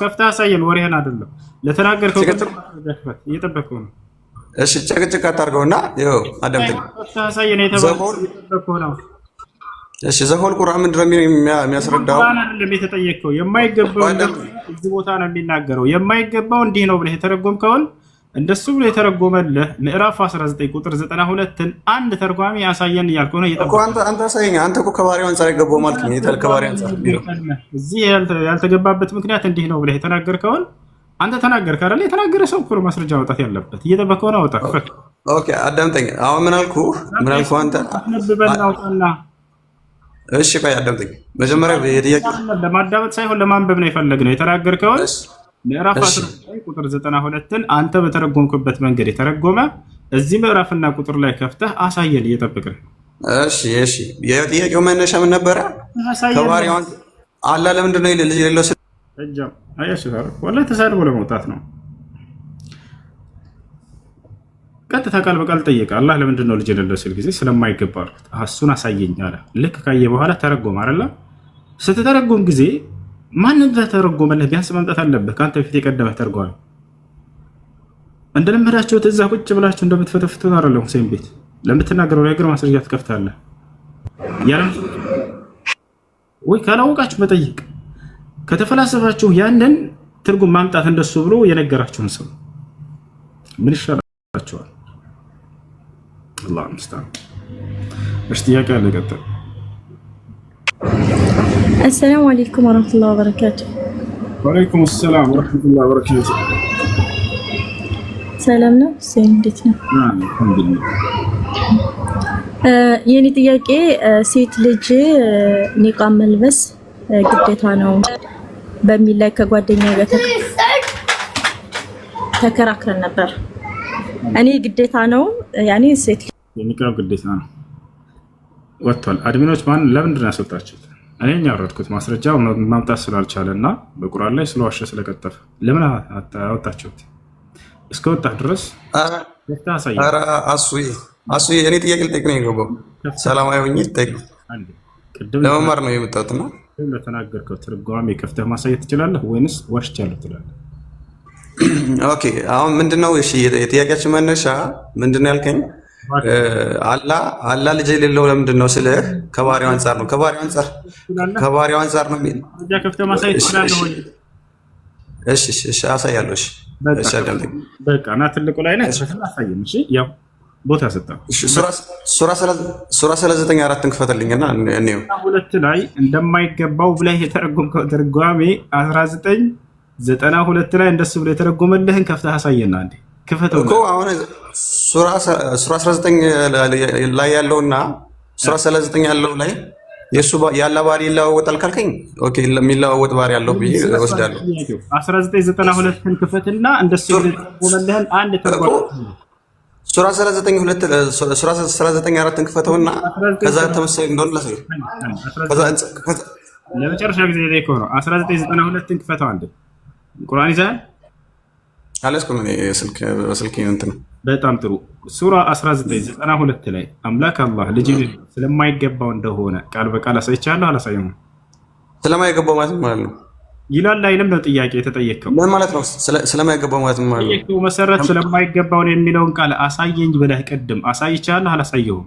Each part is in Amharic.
ከፍታ ያሳየን ወሬህን አይደለም ለተናገርከው እሺ ጭቅጭቅ አታርገው አዳምጠኝ። እሺ ዘሆል ቁርአን ምንድን ነው የሚያስረዳው? አይደለም የተጠየቅከው የማይገባው እዚህ ቦታ ነው የሚናገረው የማይገባው እንዲህ ነው ብለህ የተረጎምከውን እንደሱ ብሎ የተረጎመልህ ምዕራፍ 19 ቁጥር 92ን አንድ ተርጓሚ ያሳየን እያልክ ሆነ አንተ ሳይኛ አንተ እኮ አንጻር የገባው ማለት ነው። አንጻር እዚህ ያልተገባበት ምክንያት እንዲህ ነው ብለህ የተናገርከውን አንተ ተናገርክ አይደል? የተናገረ ሰው እኮ ማስረጃ ማውጣት ያለበት እየጠበቀው ነው። አውጣ። ኦኬ አዳምጠኝ። አሁን ምን ምን አንተ አውጣና እሺ ቆይ አዳምጠኝ። መጀመሪያ የጥያቄ ለማዳመጥ ሳይሆን ለማንበብ ነው የፈለግነው የተናገርከውን ምዕራፍ ላይ ቁጥር 92ን አንተ በተረጎምክበት መንገድ የተረጎመ እዚህ ምዕራፍና ቁጥር ላይ ከፍተህ አሳየን፣ እየጠብቅን ነው። እሺ፣ እሺ። የጥያቄው መነሻ ምን ነበረ? ከባሪያውን አላ ለምንድን ነው ልጅ የሌለው ወላ ተሳድቦ ለመውጣት ነው። ቀጥታ ቃል በቃል ጠየቀ። አላህ ለምንድን ነው ልጅ የሌለው ሲል ጊዜ ስለማይገባ አልኩት። እሱን አሳየኝ አለ። ልክ ካየ በኋላ ተረጎም አለ። ስትተረጎም ጊዜ ማንም ተተረጎመልህ ቢያንስ መምጣት አለበት ከአንተ በፊት የቀደመህ ተርጓሚ እንደለመዳቸው እዛ ቁጭ ብላችሁ እንደምትፈተፍቱ አይደለም። ሁሴን ቤት ለምትናገረው ነገር ማስረጃ ትከፍታለህ። ወይ ካላወቃችሁ መጠይቅ ከተፈላሰፋችሁ ያንን ትርጉም ማምጣት እንደሱ ብሎ የነገራችሁን ሰው ምን ይሻላችኋል? አላህ ምስታ እሽ ጥያቄ አለ። ቀጥል አሰላሙ አለይኩም ወረህመቱላሂ ወበረካቱ። ወአለይኩም ሰላም ወረህመቱላሂ ወበረካቱ። ሰላም ነው። እንዴት ነው? የኔ ጥያቄ ሴት ልጅ ኒቃብ መልበስ ግዴታ ነው በሚል ላይ ከጓደኛ ጋር ተከራክረን ነበር። እኔ ግዴታ ነው ያኔ ሴት የኒቃብ ግዴታ ነው ወጥቷል። አድሚኖች ማን ለምንድን ነው ያስወጣችሁት? እኔ ያወረድኩት ማስረጃ ማምጣት ስላልቻለ እና በቁርአን ላይ ስለዋሸ ስለቀጠፈ ለምን አወጣችሁት? እስከወጣ ድረስ አሱዬ፣ እኔ ጥያቄ ልጠይቅ ነው የገባው። ሰላማዊ ሆኜ ልጠይቅ ለመማር ነው የመጣሁት እና ለተናገርከው ትርጓሜ ከፍተህ ማሳየት ትችላለህ ወይንስ ዋሽቻለሁ ትላለህ? ኦኬ፣ አሁን ምንድነው? እሺ፣ የጥያቄያችን መነሻ ምንድን ነው ያልከኝ? አላ አላ ልጅ የሌለው ለምንድን ነው ስለ ከባሪው አንጻር ነው። ከባሪው አንጻር ከባሪው አንጻር ነው። እሺ እሺ፣ አሳያለሁ። እሺ እሺ እሺ፣ አዳምጠኝ። በቃ እና ትልቁ ላይ ነህ። አሳየን። እሺ ያው ቦታ ሰጠ። ሱራ ሰላሳ ዘጠኝ አራትን ክፈተልኝና እኔው ሁለት ላይ እንደማይገባው ብለህ የተረጎምከው ተርጓሜ አስራ ዘጠኝ ዘጠና ሁለት ላይ እንደሱ ብለህ የተረጎመልህን ከፍተህ አሳየና እንዴ ክፈተው እኮ አሁን ሱራ 19 ላይ ያለውና ሱራ 39 ያለው ላይ የሱ ያላ ባህሪ ይለዋወጣል ካልከኝ፣ ኦኬ የሚለዋወጥ ባህሪ ያለው ብዬ እወስዳለሁ። 1992ን ክፈትና እንደሱ ወመለህን አንድ ተቆጥ ሱራ 39 ሱራ 39 አራትን ክፈተውና ከዛ ተመሳሳይ እንደሆነ ለሰው ከዛ ለመጨረሻ ጊዜ ላይ ነው 1992ን ክፈተው አንድ ቁርአን ይዛል አለስኩም በስልክ እንትን በጣም ጥሩ ሱራ 1992 ላይ አምላክ አላህ ልጅ ስለማይገባው እንደሆነ ቃል በቃል አሳይቻለሁ። አላሳየም ስለማይገባው ማለት ማለት ነው ይላል አይልም ነው ጥያቄ የተጠየቀው። ምን ማለት ነው ስለማይገባው ማለት ማለት ነው? መሰረት ስለማይገባውን የሚለውን ቃል አሳየኝ ብለህ ቅድም አሳይቻለሁ። አላሳየሁም?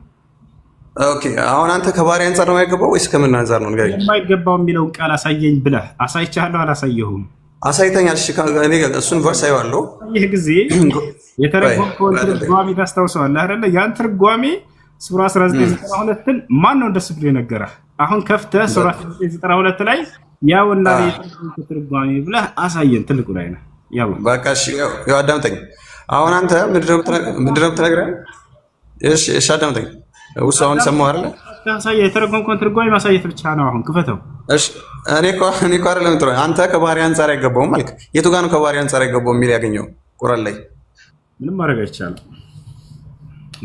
ኦኬ አሁን አንተ ከባህሪ አንጻር ነው የማይገባው ወይስ ከምን አንጻር ነው? ስለማይገባው የሚለውን ቃል አሳየኝ ብለህ አሳይቻለሁ። አላሳየሁም? አሳይተኛል። እሺ እኔ እሱን ቨርስ አይዋለሁ። ይህ ጊዜ የተረጎምከውን ትርጓሜ ታስታውሰዋለህ አይደለ? ያን ትርጓሜ ሱራ 1992ን ማን ነው እንደሱ ብሎ የነገረህ? አሁን ከፍተህ ሱራ 1992 ላይ ያው እና ትርጓሜ ብለህ አሳየን። ትልቁ ላይ ነህ። በቃ እሺ፣ ያው አዳምጠኝ። አሁን አንተ ምንድን ነው የምትነግረህ? እሺ አዳምጠኝ። ውስጥ አሁን ሰማሁ አይደለ ያሳየ ማሳየት ብቻ ነው። አሁን ክፈተው። እሺ እኔ እኮ እኔ እኮ አይደለም ጥሩ። አንተ ከባህሪ አንጻር አይገባውም የቱ ጋር ነው ከባህሪ አንጻር አይገባውም የሚል ያገኘው ቁራን ላይ ምንም ማድረግ አይቻልም።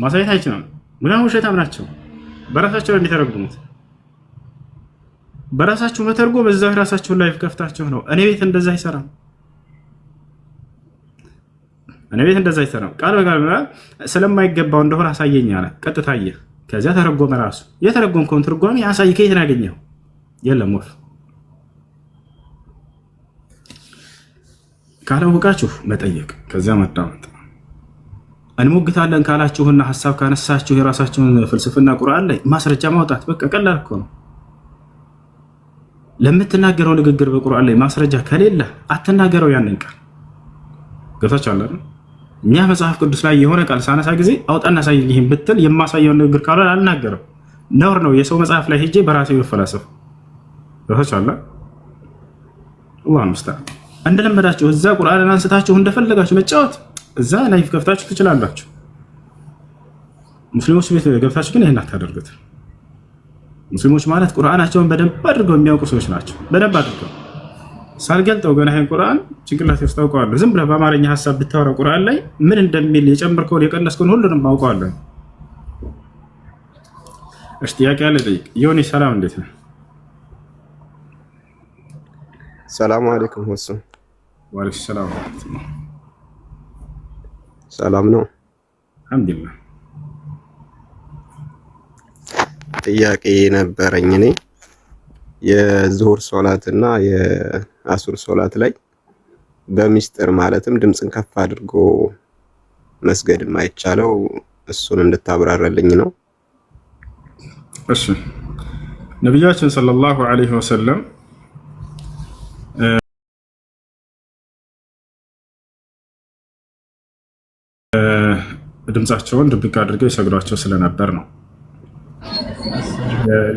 ማሳየት አይችልም። ምንም ውሸታም ናቸው። በራሳቸው በራሳችሁ ላይፍ ከፍታችሁ ነው። እኔ ቤት እንደዛ አይሰራም። እኔ ቤት እንደዛ አይሰራም። ቃል በቃል ስለማይገባው እንደሆነ አሳየኝ አለ። ቀጥታ ከዚያ ተረጎመ። ራሱ የተረጎምከውን ትርጓሚ አሳይ። ከየት ነው የለም ወፍ ካላወቃችሁ መጠየቅ፣ ከዚያ መዳመጥ እንሞግታለን ካላችሁና ሀሳብ ካነሳችሁ የራሳችሁን ፍልስፍና ቁርአን ላይ ማስረጃ ማውጣት በቃ ቀላል እኮ ነው። ለምትናገረው ንግግር በቁርአን ላይ ማስረጃ ከሌለ አትናገረው ያንን ቃል ገታች እኛ መጽሐፍ ቅዱስ ላይ የሆነ ቃል ሳነሳ ጊዜ አውጣ ሳይ ይህን ብትል የማሳየውን ንግግር ካለ አልናገርም። ነውር ነው። የሰው መጽሐፍ ላይ ሄጄ በራሴ መፈላሰፍ ሆች አለ ስታ እንደለመዳችሁ እዛ ቁርአንን አንስታችሁ እንደፈለጋችሁ መጫወት እዛ ላይፍ ገብታችሁ ትችላላችሁ። ሙስሊሞች ቤት ገብታችሁ ግን ይህን አታደርጉት። ሙስሊሞች ማለት ቁርአናቸውን በደንብ አድርገው የሚያውቁ ሰዎች ናቸው። በደንብ አድርገው ሳልገልጠው ገና ይሄን ቁርአን ጭንቅላት ውስጥ አውቀዋለሁ። ዝም ብለህ በአማርኛ ሀሳብ ብታወራ ቁርአን ላይ ምን እንደሚል የጨመርከውን የቀነስከውን ሁሉንም አውቀዋለሁ። እሺ ጥያቄ አለ ጠይቅ። ዮኒ ሰላም፣ እንዴት ነው? ሰላም አለይኩም። ወሱ ወአለይኩም ሰላም። ሰላም ነው፣ አልሐምዱሊላህ። ጥያቄ ነበረኝ እኔ የዙሁር ሶላት እና አሱር ሶላት ላይ በሚስጥር ማለትም ድምፅን ከፍ አድርጎ መስገድ የማይቻለው እሱን እንድታብራራልኝ ነው። እሺ ነቢያችን ሰለላሁ ዐለይሂ ወሰለም ድምፃቸውን ድብቅ አድርገው ይሰግዷቸው ስለነበር ነው።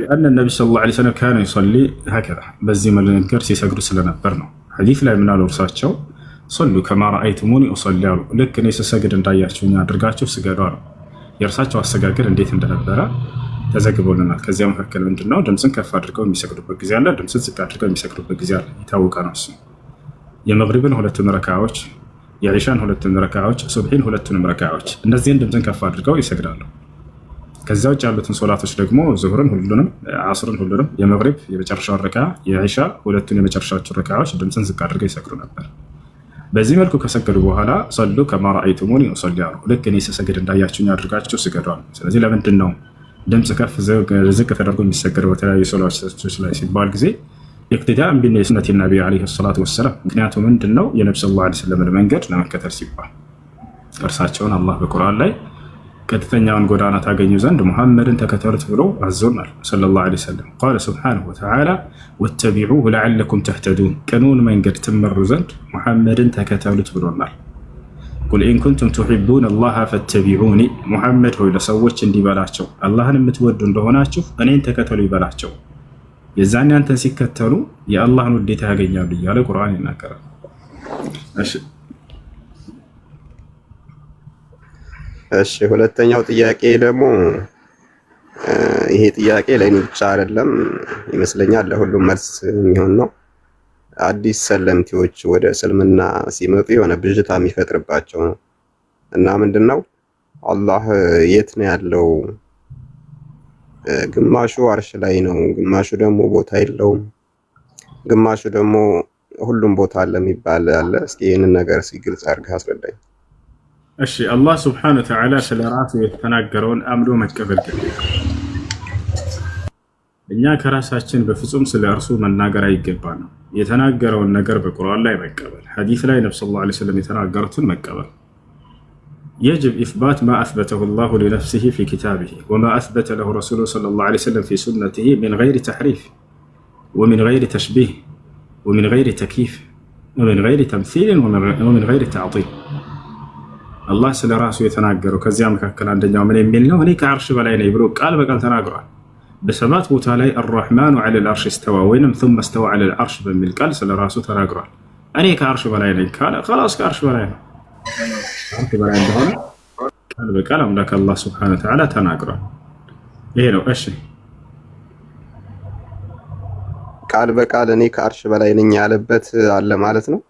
ሊአነ ነቢ ሰለላሁ ዐለይሂ ወሰለም ካነ ይሰሊ ሀከዛ በዚህ መልንገር ሲሰግዱ ስለነበር ነው። ሐዲስ ላይ ምናሉ እርሳቸው ሶሉ ከማ ረአይቱሙኒ ኡሰሊ አሉ። ልክ እኔ ስሰግድ እንዳያችሁኝ አድርጋችሁ ስገዱ አሉ። የእርሳቸው አሰጋገድ እንዴት እንደነበረ ተዘግቦልናል። ከዚያ መካከል ምንድነው ድምፅን ከፍ አድርገው የሚሰግዱበት ጊዜ አለ፣ ድምፅን ዝቅ አድርገው የሚሰግዱበት ጊዜ አለ። የታወቀ ነው እሱ። የመግሪብን ሁለቱን ረካዎች፣ የዒሻን ሁለቱን ረካዎች፣ ሱብሒን ሁለቱንም ረካዎች፣ እነዚህን ድምፅን ከፍ አድርገው ይሰግዳሉ። ከዚያ ውጭ ያሉትን ሶላቶች ደግሞ ዙሁርን ሁሉንም፣ አስርን ሁሉንም፣ የመግሪብ የመጨረሻውን ረካ፣ የዒሻ ሁለቱን የመጨረሻቸው ረካዎች ድምፅን ዝቅ አድርገው ይሰግዱ ነበር። በዚህ መልኩ ከሰገዱ በኋላ ሰሉ ከማ ረአይቱሙኒ ኡሰሊ አሉ። ልክ እኔ ስሰግድ እንዳያችሁኝ አድርጋችሁ ስገዱ ስለዚህ ለምንድን ነው ድምፅ ከፍ ዝቅ ተደርጎ የሚሰገድ በተለያዩ ሶላቶች ላይ ሲባል ጊዜ ኢቅትዳእን ቢሱነት ነቢ ዓለይሂ ሰላቱ ወሰላም። ምክንያቱ ምንድን ነው? የነቢ ስ ላ ስለምን መንገድ ለመከተል ሲባል እርሳቸውን አላህ በቁርአን ላይ ቀጥተኛውን ጎዳና ታገኙ ዘንድ ሙሐመድን ተከተሉት ብሎ አዞናል ሰለላሁ ዐለይሂ ወሰለም። ቃለ ሱብሓነሁ ወተዓላ ወተቢዑሁ ለዓለኩም ተህተዱን፣ ቅኑን መንገድ ትመሩ ዘንድ ሙሐመድን ተከተሉት ብሎናል። ቁል ኢን ኩንቱም ቱሒቡን አላህ ፈተቢዑኒ፣ ሙሐመድ ሆይ ለሰዎች እንዲበላቸው አላህን የምትወዱ እንደሆናችሁ እኔን ተከተሉ ይበላቸው። የዛን ያንተን ሲከተሉ የአላህን ውዴታ ያገኛሉ እያለ ቁርአን ይናገራል። እሺ ሁለተኛው ጥያቄ ደግሞ ይሄ ጥያቄ ለእኔ ብቻ አይደለም ይመስለኛል፣ ለሁሉም መልስ የሚሆን ነው። አዲስ ሰለምቲዎች ወደ እስልምና ሲመጡ የሆነ ብዥታ የሚፈጥርባቸው ነው እና ምንድን ነው አላህ የት ነው ያለው? ግማሹ አርሽ ላይ ነው፣ ግማሹ ደግሞ ቦታ የለውም፣ ግማሹ ደግሞ ሁሉም ቦታ አለ የሚባል አለ። እስኪ ይህንን ነገር ሲግልጽ አድርገህ አስረዳኝ። እሺ አላህ ስብሓን ወተዓላ ስለ ራሱ የተናገረውን አምኖ መቀበል እኛ ከራሳችን በፍጹም ስለ እርሱ መናገር አይገባ ነው። የተናገረውን ነገር በቁርአን ላይ መቀበል፣ ሐዲስ ላይ ነብ ሰለላሁ ዐለይሂ ወሰለም የተናገሩትን መቀበል። የጅብ ኢስባት ማ አስበተሁ ላሁ ሊነፍሲሂ ፊ ኪታቢሂ ወማ አስበተ ለሁ ረሱሉ ሰለላሁ ዐለይሂ ወሰለም ፊ ሱነቲሂ ሚን ገይሪ ተሕሪፍ ወሚን ገይሪ ተሽቢህ ወሚን ገይሪ ተኪፍ ወሚን ገይሪ ተምሲልን ወሚን ገይሪ ተዕጢል አላህ ስለ ራሱ የተናገረው ከዚያ መካከል አንደኛው ምን የሚል ነው? እኔ ከአርሽ በላይ ነኝ ብሎ ቃል በቃል ተናግሯል። በሰባት ቦታ ላይ አራሕማኑ ዐለል አርሽ እስተዋ ወይም ቱመ እስተዋ ዐለል አርሽ በሚል ቃል ስለ ራሱ ተናግሯል። እኔ ከአርሽ በላይ ነኝ ካለ ኸላስ ከአርሽ በላይ ነው። ከአርሽ በላይ እንደሆነ ቃል በቃል አምላክ አላህ ስብሐነ ወተዓላ ተናግሯል። ይሄ ነው። እሺ ቃል በቃል እኔ ከአርሽ በላይ ነኝ ያለበት አለ ማለት ነው።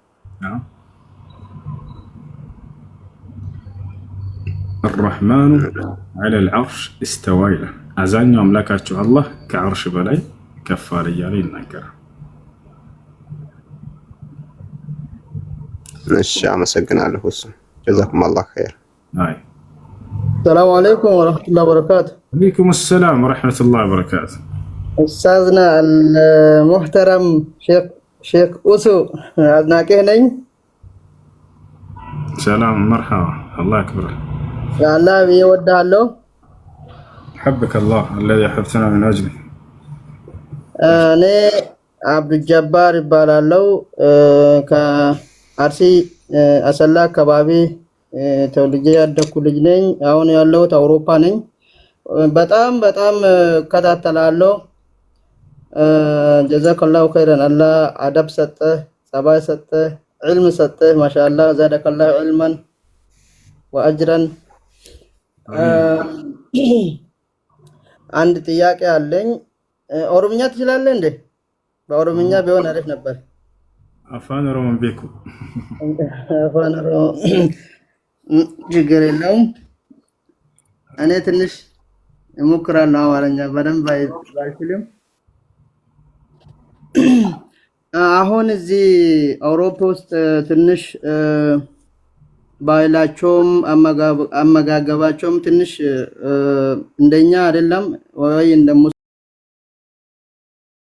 الرحمن على العرሽ استوى ይላል። አብዛኛው አምላካችሁ አላህ ከአርሽ በላይ ከፍ አለ እያለ ይናገራል። እሺ አመሰግናለሁ። እሱ ጀዛኩም አላህ ኸይር። አይ ሰላም አለይኩም ወራህመቱላሂ ወበረካቱ። ወአለይኩም ሰላም ወራህመቱላሂ ወበረካቱ። ኡስታዝና አልሙህተረም ሼክ ሼክ ኡሱ አድናቂህ ነኝ። ሰላም መርሐባ አላህ አክበር ያላ ብዬ ወዳለው حبك الله الذي حبتنا من اجله እኔ አብዱጀባር ይባላለው ከአርሲ አሰላ አካባቢ ተወልጄ ያደኩ ልጅ ነኝ። አሁን ያለሁት አውሮፓ ነኝ። በጣም በጣም እከታተላለሁ። ጀዛከላሁ ኸይረን። አላህ አደብ ሰጠህ፣ ጸባይ ሰጠህ፣ ዕልም ሰጠህ። ማሻአላህ ዘደከላሁ ዕልመን ወአጅረን አንድ ጥያቄ አለኝ። ኦሮምኛ ትችላለህ እንዴ? በኦሮምኛ ቢሆን አሪፍ ነበር። አፋን ኦሮሞ ቤኩ አፋን ኦሮሞ ችግር የለውም። እኔ ትንሽ እሞክራለሁ። አማርኛ በደንብ ባይችልም አሁን እዚህ አውሮፓ ውስጥ ትንሽ ባህላቸውም አመጋገባቸውም ትንሽ እንደኛ አይደለም ወይ ደግሞ